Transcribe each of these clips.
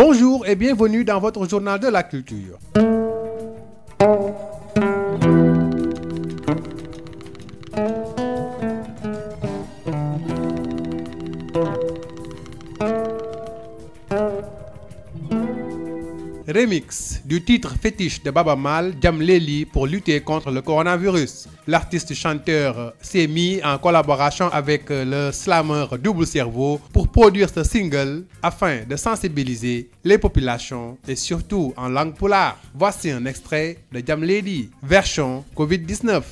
Bonjour et bienvenue dans votre journal de la culture. remix du titre fétiche de Baba Mal, Djamleli, pour lutter contre le coronavirus. L'artiste chanteur s'est mis en collaboration avec euh, le slammer Double Cerveau pour produire ce single afin de sensibiliser les populations et surtout en langue polar. Voici un extrait de Djamleli, version Covid-19.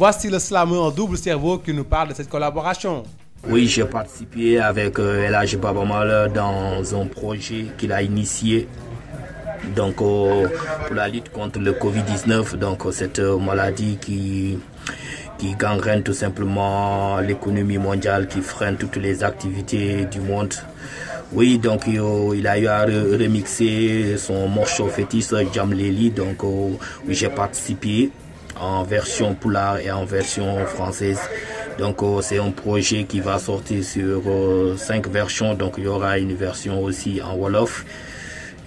Voici le slammer en double cerveau qui avec Elage euh, Babamal dans un projet qu'il a initié donc euh, pour la lutte contre donc euh, cette euh, maladie qui qui gangrène tout simplement mondiale, qui freine les activités du monde. donc euh, il son morceau fétiche Jam donc euh, en version poulard et en version française. Donc euh, c'est un projet qui va sortir sur oh, cinq versions. Donc il y aura une version aussi en Wolof,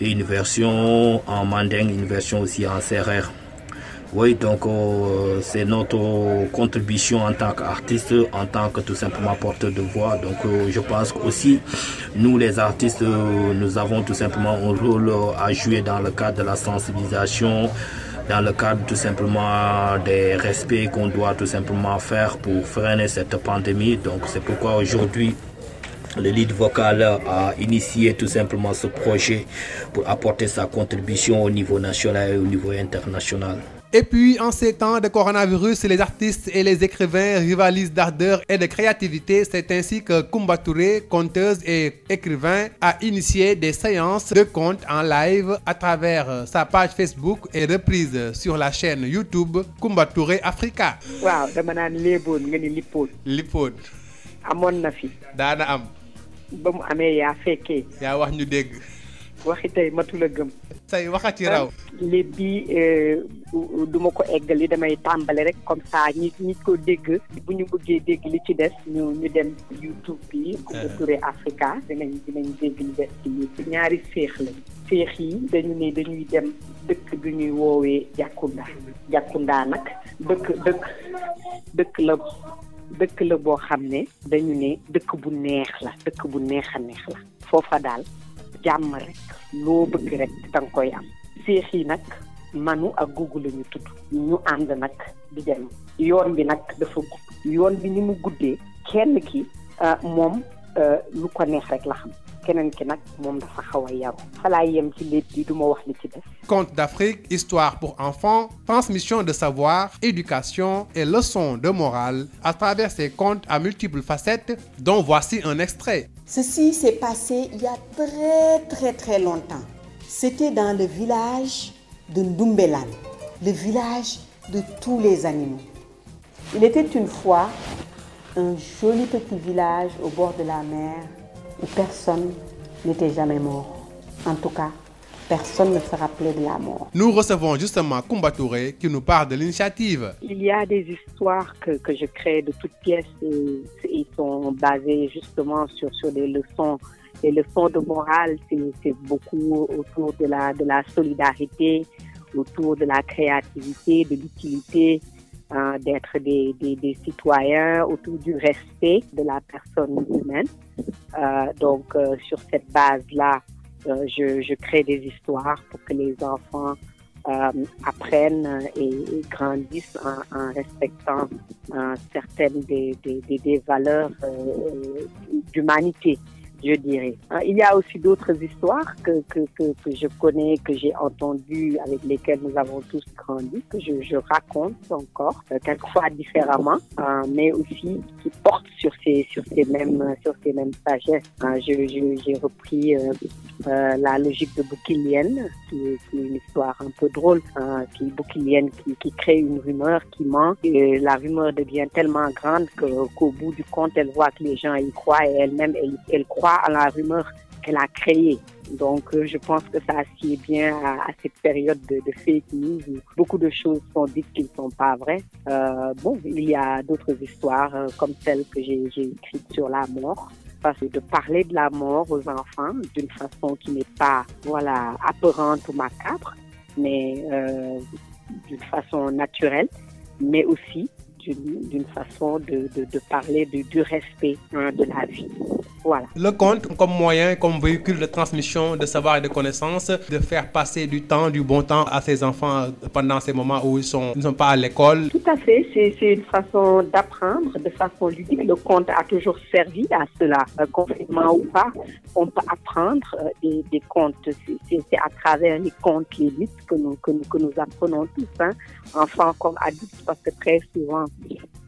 et une version en Manding, une version aussi en Serrère. Oui, donc euh, c'est notre contribution en tant qu'artiste, en tant que tout simplement porteur de voix. Donc euh, je pense aussi nous les artistes, euh, nous avons tout simplement un rôle à jouer dans le cadre de la sensibilisation dans le cadre tout simplement des respects qu'on doit tout simplement faire pour freiner cette pandémie. Donc c'est pourquoi aujourd'hui, le lead vocal a initié tout simplement ce projet pour apporter sa contribution au niveau national et au niveau international. Et puis, en ces temps de coronavirus, les artistes et les écrivains rivalisent d'ardeur et de créativité. C'est ainsi que Koumba Touré, et écrivain, a initié des séances de contes en live à travers sa page Facebook et reprise sur la chaîne YouTube Koumba Touré Africa. waaw amoon na fi. daana am. wax ñu dégg. waxi tey matul a gëm. say waxati raw. Euh, lépp bi euh, du ma ko eggali damay tàmbali rek comme ça ñi ñi ko dégg. bu ñu bëggee dégg li ci des ñu ñu dem YouTube bi. bu euh. turee Africa dinañ dinañ dégg li des ci ñaari féex lañ. féex yi dañu ne dañuy dem dëkk bi ñuy woowee Jakunda. Jakunda nag dëkk dëkk dëkk la. dëkk la boo xam ne dañu ne dëkk bu neex la dëkk bu neex a neex la foofa daal jàmm rek loo bëgg rek danga koy am seex nag manu ak gugu la tudd ñu ànd nag di dem yoon bi nag dafa gudd yoon bi ni mu guddee kenn ki ah, moom ah, lu ko neex rek la xam keneen ki nag moom dafa xaw a yaru d'Afrique histoire pour enfants transmission de savoir éducation et leçons de morale à travers ces contes à multiples facettes dont voici un extrait ceci s'est passé il y a très très très longtemps c'était dans le village de Ndoumbelane le village de tous les animaux il était une fois un joli petit village au bord de la mer où personne n'était jamais mort. En tout cas, personne ne se rappelait de la mort. Nous recevons justement Koumba qui nous parle de l'initiative. Il y a des histoires que, que je crée de toutes pièces et ils sont basés sur, des leçons. de morale, c'est beaucoup autour de la solidarité, autour de la créativité, de l'utilité, euh, d'être des, citoyens autour du respect de la personne humaine. Euh, donc euh, sur cette base-là, euh, je, crée des histoires pour que les enfants euh, apprennent et, grandissent en, respectant certaines des valeurs d'humanité. je dirais. Il y a aussi d'autres histoires que, que, que, que, je connais, que j'ai entendues, avec lesquelles nous avons tous grandi, que je, raconte encore, euh, quelquefois différemment, mais aussi qui portent sur ces, mêmes, sur j'ai repris euh, euh, la logique de Boukilienne, qui, qui, est une histoire un peu drôle, hein, qui Boukilienne qui, qui, crée une rumeur, qui ment, et la rumeur devient tellement grande qu'au bout du compte, elle voit que les gens y croient et elle-même, elle, elle croit à la rumeur qu'elle a créée. Donc, euh, je pense que ça assied bien à, à cette période de, de, fake news où beaucoup de choses sont dites qui ne sont pas vraies. Euh, bon, il y a d'autres histoires euh, comme celle que j'ai écrite sur la mort. Parce que de parler de la mort aux enfants d'une façon qui n'est pas, voilà, apparente ou macabre, mais euh, d'une façon naturelle, mais aussi d'une façon de, parler du respect de la vie. Voilà. Le conte comme moyen, comme véhicule de transmission de savoir et de connaissances, de faire passer du temps, du bon temps à ses enfants pendant ces moments où ils, ne sont pas à l'école. Tout à fait, c'est une façon d'apprendre de façon ludique. Le conte a toujours servi à cela, euh, confinement ou pas. On peut apprendre euh, des, des C'est à travers les contes, les luttes que nous, apprenons tous, hein,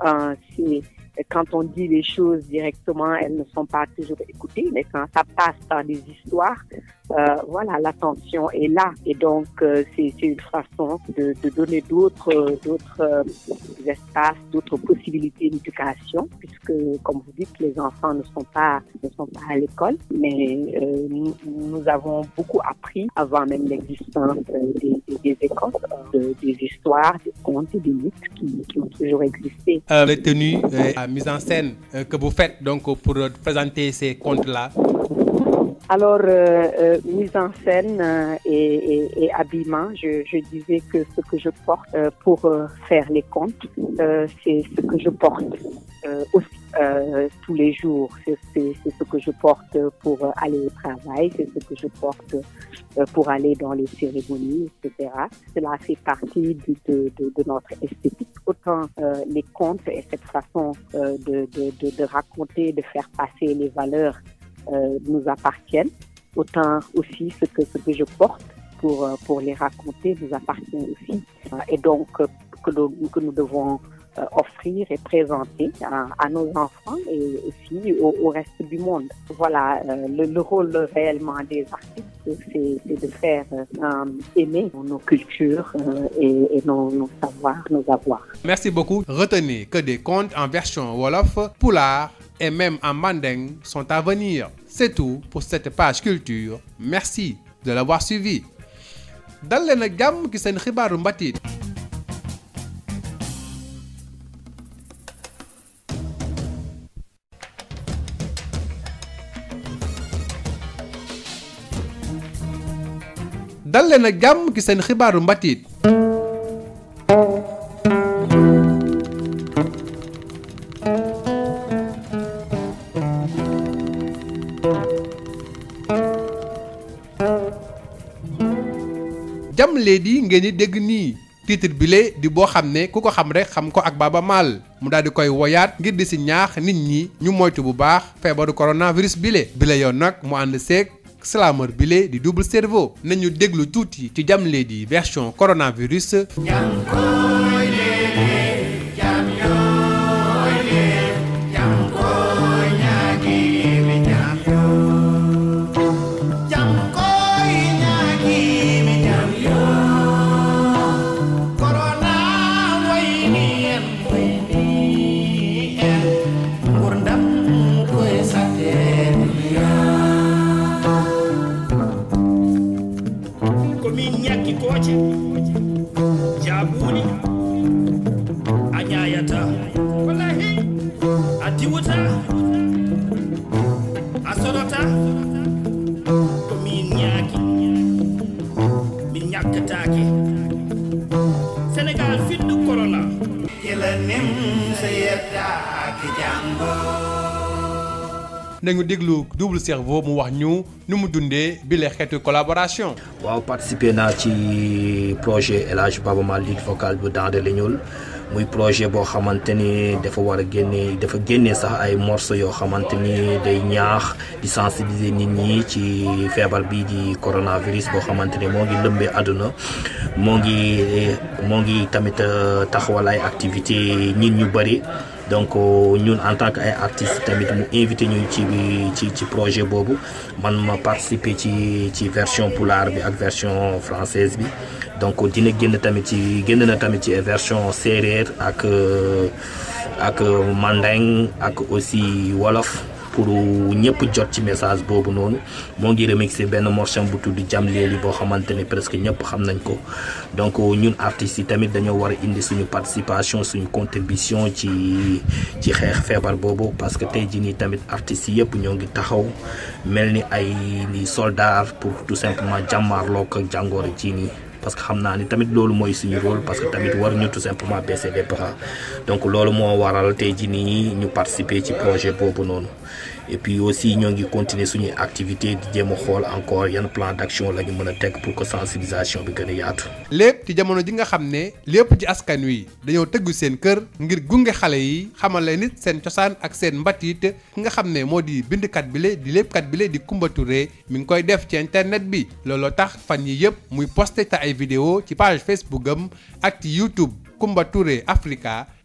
Euh, euh, quand on dit les choses directement, elles ne sont pas toujours écoutées, mais quand ça passe par des histoires, Euh, voilà, l'attention est là. Et donc, euh, c'est une façon de, donner d'autres euh, espaces, d'autres possibilités d'éducation, puisque, comme vous dites, les enfants ne sont pas, à l'école, mais euh, nous, avons beaucoup appris avant même l'existence des, écoles, des histoires, des contes et des mythes qui, ont toujours existé. en scène pour présenter ces contes-là, Alors, euh, euh, mise en scène euh, et, et, et habillement, je, je, disais que ce que je porte euh, pour faire les comptes, c'est ce que je porte aussi tous les jours. C'est ce que je porte pour aller au travail, c'est ce que je porte pour aller dans les cérémonies, etc. Cela fait partie de, de, de, de notre esthétique. Autant euh, les contes et cette façon euh, de, de, raconter, de faire passer les valeurs Euh, nous appartiennent, autant aussi ce que, ce que je porte pour, euh, les raconter nous appartient aussi. Euh, et donc, que, nous devons offrir et présenter à, nos enfants et au, reste du monde. Voilà, le, le, rôle réellement des artistes, c'est de faire aimer nos cultures et, nos, savoirs, nos avoirs. Merci beaucoup. Retenez que des contes en version Wolof, Poulard, et même en manding sont à venir. C'est tout pour cette page culture. Merci de l'avoir suivi. dal jàmm ci seen xibaaru mbatiit dal leen ak jàmm seen xibaaru mbatiit Lady ngeen di dégg nii titre bile di boo xam ne ku ko xam rek xam ko ak Baaba Maal mu daal di koy woyaat ngir di si ñaax nit ñi ñu moytu bu baax feebaru coronavirus bile bile yoon nag mu ànd seeg slameur bile di double cerveau nañu déglu tuuti ci Jam Lady version coronavirus. nañu déglu double cerveau mu wax ñu nu mu dundee bi xeetu collaboration. waaw participer naa ci projet El Hadj Baba Maal lead vocal bu Daande Leñul muy projet boo xamante ni dafa war a génne dafa génne sax ay morceaux yoo xamante ni day ñaax di sensibiliser nit ñi ci feebar bii di coronavirus boo xamante ni moo ngi lëmbee àdduna moo ngi moo ngi tamit euh, taxawal ay activité nit ñu bëri. donc euh, ñun en tant que ay artistes tamit mu invité ñu ci ci ci projet boobu man ma participer ci ci version pulaar bi ak version française bi donc dina génn tamit ci génn na tamit ci version séeréer ak euh, ak euh, mandeng ak aussi wolof pour ñëpp jot ci message boobu noonu moo ngi remixé benn morceau bu tudd jam leeli boo xamante ne presque ñëpp xam nañ ko donc ñun artistes yi tamit dañoo war a indi suñu participation suñu contribution ci ci xeex feebar boobu parce que tey jii nii tamit artistes yi yëpp ñoo ngi taxaw mel ni ay ni soldat pour tout simplement jàmmaarloo ak jàngoro jii nii parce que xam naa ni tamit loolu mooy suñu rôle parce que tamit war ñu tout simplement baisser les bras donc loolu moo waral tey ji nii ñu participer ci projet boobu noonu et puis aussi ñoo ngi continuer suñuy activité di jéem a xool encore yan plan d'action la ñu mën a teg pour que sensibilisation bi gën a yaatu. lépp ci jamono ji nga xam ne lépp ci askan wi dañoo tëggu seen kër ngir gunge xale yi xamal leen nit seen cosaan ak seen mbatit ki nga xam ne moo di bindkat bile di léppkat bile di Coumba Touré mi ngi koy def ci internet bi looloo tax fan yi yëpp muy posté te ay vidéo ci page Facebook am ak ci YouTube Coumba Touré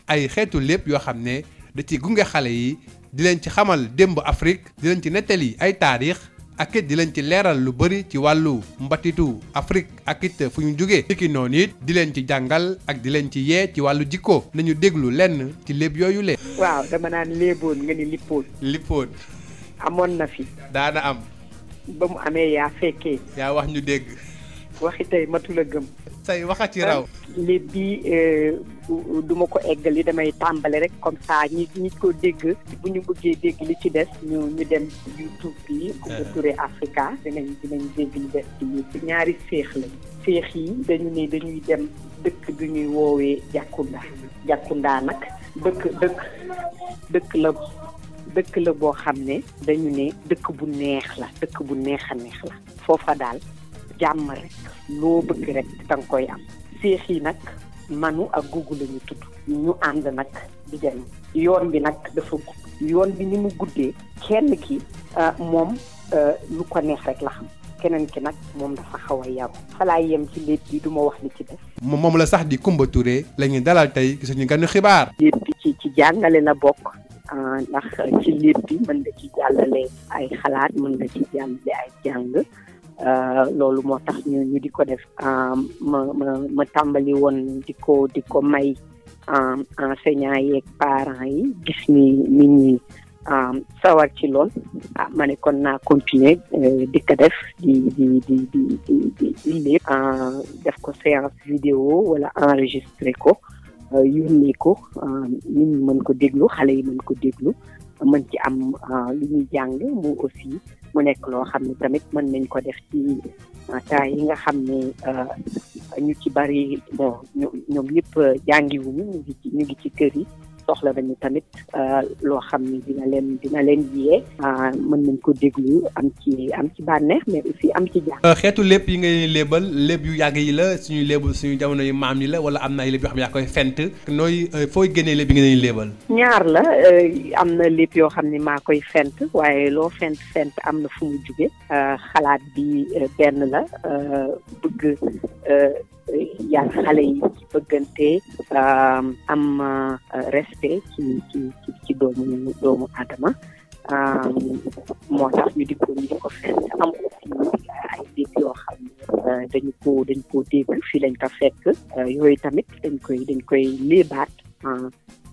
ay xeetu lépp yoo xam ne da ci gunge xale yi di leen ci xamal démb Afrique di leen ci nettali ay taarix ak di leen ci leeral lu bëri ci wàllu mbatitu Afrique ak it fu ñu jógee ci ki it di leen ci jàngal ak di leen ci yee ci wàllu jikko nañu déglu lenn ci léeb yooyu lee waaw dama naan léeboon nga ni lippoon lippoon amoon na fi daana am ba mu amee yaa fekkee yaa wax ñu dégg waxi tey matu la say waxa ci raw. léeb euh, bi du ma ko eggali damay tàmbali rek comme saa ñi ñi ko dégg bu ñu bëggee dégg li ci des ñu ñu dem YouTube bi. Eh. Coumba Touré Africa dinañ dinañ dégg ñaari féex lañ. féex yi dañu ne dañuy dem dëkk bi ñuy woowee Jakunda Jakunda nag dëkk dëkk dëkk la. dëkk la boo xam ne dañu ne dëkk bu neex la dëkk bu neex a neex la foofa daal jàmm rek loo bëgg rek danga koy am séex yi nag manu ak gugu la tudd ñu ànd nag di dem yoon bi nag dafa gudd yoon bi ni mu guddee kenn ki ah, moom ah, lu ko neex rek la xam keneen ki nag moom dafa xaw a yaru falaa yem ci léeb bi du ma wax li ci def moom la sax di Coumba lañuy dalal tey ci suñu ganu xibaar léeb bi ci ci jàngale la bokk ah, ndax ci léeb bi mën nga ci jàllale ay xalaat mën nga ci jàllale ay jàng Euh, loolu moo tax ñu ñu di ko def euh, ma ma ma tàmbali woon di ko di ko may euh, enseignants yeeg parents yi gis ni nit ñi sawar ci lool ah ma ne kon naa continuer di ko def di di di di di di def ko séance vidéo wala enregistré ko yónnee ko nit ñi mën ko déglu xale yi mën ko déglu mën ci am lu ñuy jàng mu aussi mu nekk loo xam ne tamit mën nañ ko def ci temps ah, yi nga xam ne ah, ñu ci bari bon ñoom ñëpp ah, jàngiwuñu ñu ñu ngi ci kër yi la nañu tamit euh, loo xam ni dina leen dina leen yee euh, mën nañ ko déglu am ci am ci bànneex mais aussi am ci jaax euh, xeetu lépp yi ngay léebal léeb yu yàgg yi la suñuy léebal suñu jamono yu maam yi la wala am na ay léeb yoo xam ne koy fent nooy fooy génnee léeb yi nga léebal ñaar la am na léeb yoo xam ni maa koy fent waaye loo fent fent am na fu mu jóge xalaat bi benn la bëgg yar xale yi ci bëggante am respect ci ci ci doomu doomu aadama moo tax ñu di ko ñu di ko fenn dañ ko dégg fii lañ ko fekk yooyu tamit dañ koy dañ koy léebaat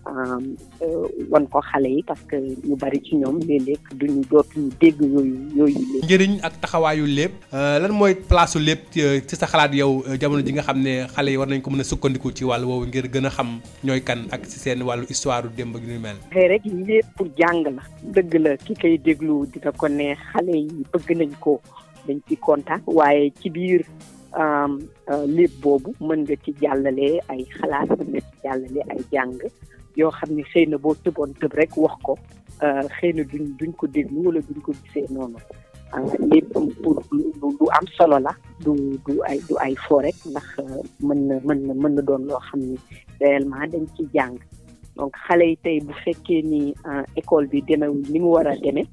Euh, wan ko xale yi parce que ñu bari ci ñoom léeg-léeg duñu dootuñu dégg yooyu yooyu lépp. njëriñ ak taxawaayu lépp euh, lan mooy placeu lépp euh, ci sa xalaat yow jamono ji nga xam ne xale yi war nañ ko mën a sukkandiku ci wàll woowu ngir gën a xam ñooy kan ak ci seen wàllu histoire u démb ak ñu mel. xëy rek lépp pour jàng la. dëgg la ki koy déglu dina ko ne xale yi bëgg nañ ko dañ ci kontaan waaye ci biir. lépp boobu mën nga ci jàllale ay xalaat mën nga ci jàllale ay jàng yoo xam ne xëy na boo tëboon tëb rek wax ko euh, xëy na duñ duñ ko déglu wala duñ ko gisee noonu lépp euh, pour lu am solo la du du ay du ay fo rek ndax euh, mën na mën na mën na doon loo xam ni réellement dañ ci jàng donc xale yi tey bu fekkee ni école bi demewul ni mu war a demee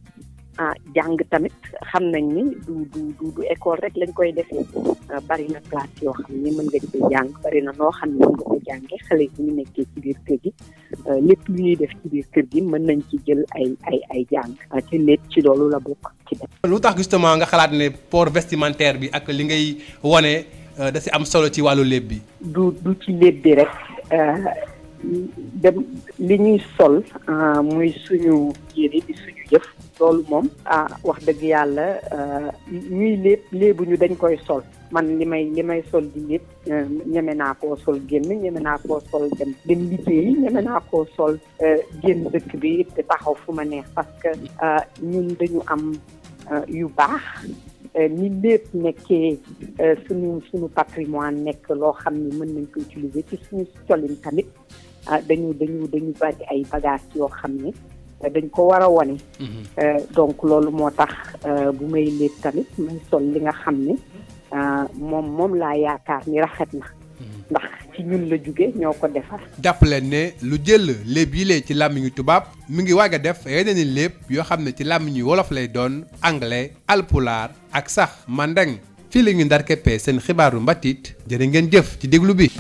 Ah, jàng tamit xam nañ ni du du du du école rek lañ koy defee ah, bari na classe yoo xam ne mën nga ci na noo xam ne mën jàngee xale yi ñu nekkee ci biir kër ah, ñuy def ci biir kër mën nañ ci jël ay ay ay jàng te lépp ci loolu la bokk ci def. lu tax justement nga xalaat ne port vestimentaire bi ak li ngay wane da si am solo ci wàllu lépp bi. du du ci léeb bi rek. dem li ñuy sol muy suñu yére loolu moom ah wax dëgg yàlla euh, ñuy léeb léebu ñu dañ koy sol man li may li sol di yëpp euh, ñeme naa koo sol génn ñeme naa koo sol dem dem liggéey ñeme naa koo sol euh, génn dëkk bi te taxaw fu ma neex parce que ñun dañu am yu baax ni lépp nekkee suñu suñu patrimoine nekk loo xam ni mën nañ ko utiliser ci suñu colin tamit ah, dañu dañu dañu bari ay bagages yoo xam ni Euh, dañ ko war a wane. Mhm. Euh, donc loolu moo tax euh, bu may lépp tamit may sol li nga xam ne moom moom laa yaakaar ni rafet na. Mhm. ndax ci ñun la jóge ñoo ko defar. jàpp leen ne lu jël léeb yi lee ci làmmiñu tubaab mi ngi waaj a def yeneen i léeb yoo xam ne ci làmmiñu wolof lay doon anglais alpulaar ak sax mandeng fii la ñu ndarkeppee seen xibaaru mbatit jërë ngeen jëf ci déglu bi.